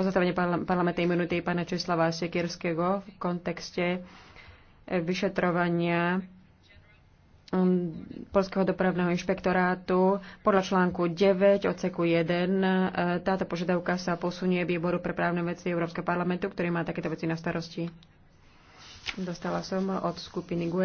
pozastavenie parlamentnej imunity pána Česlava Sekierského v kontexte e, vyšetrovania Polského dopravného inšpektorátu podľa článku 9 odseku 1. E, táto požiadavka sa posunie výboru pre právne veci Európskeho parlamentu, ktorý má takéto veci na starosti. Dostala som od skupiny GUE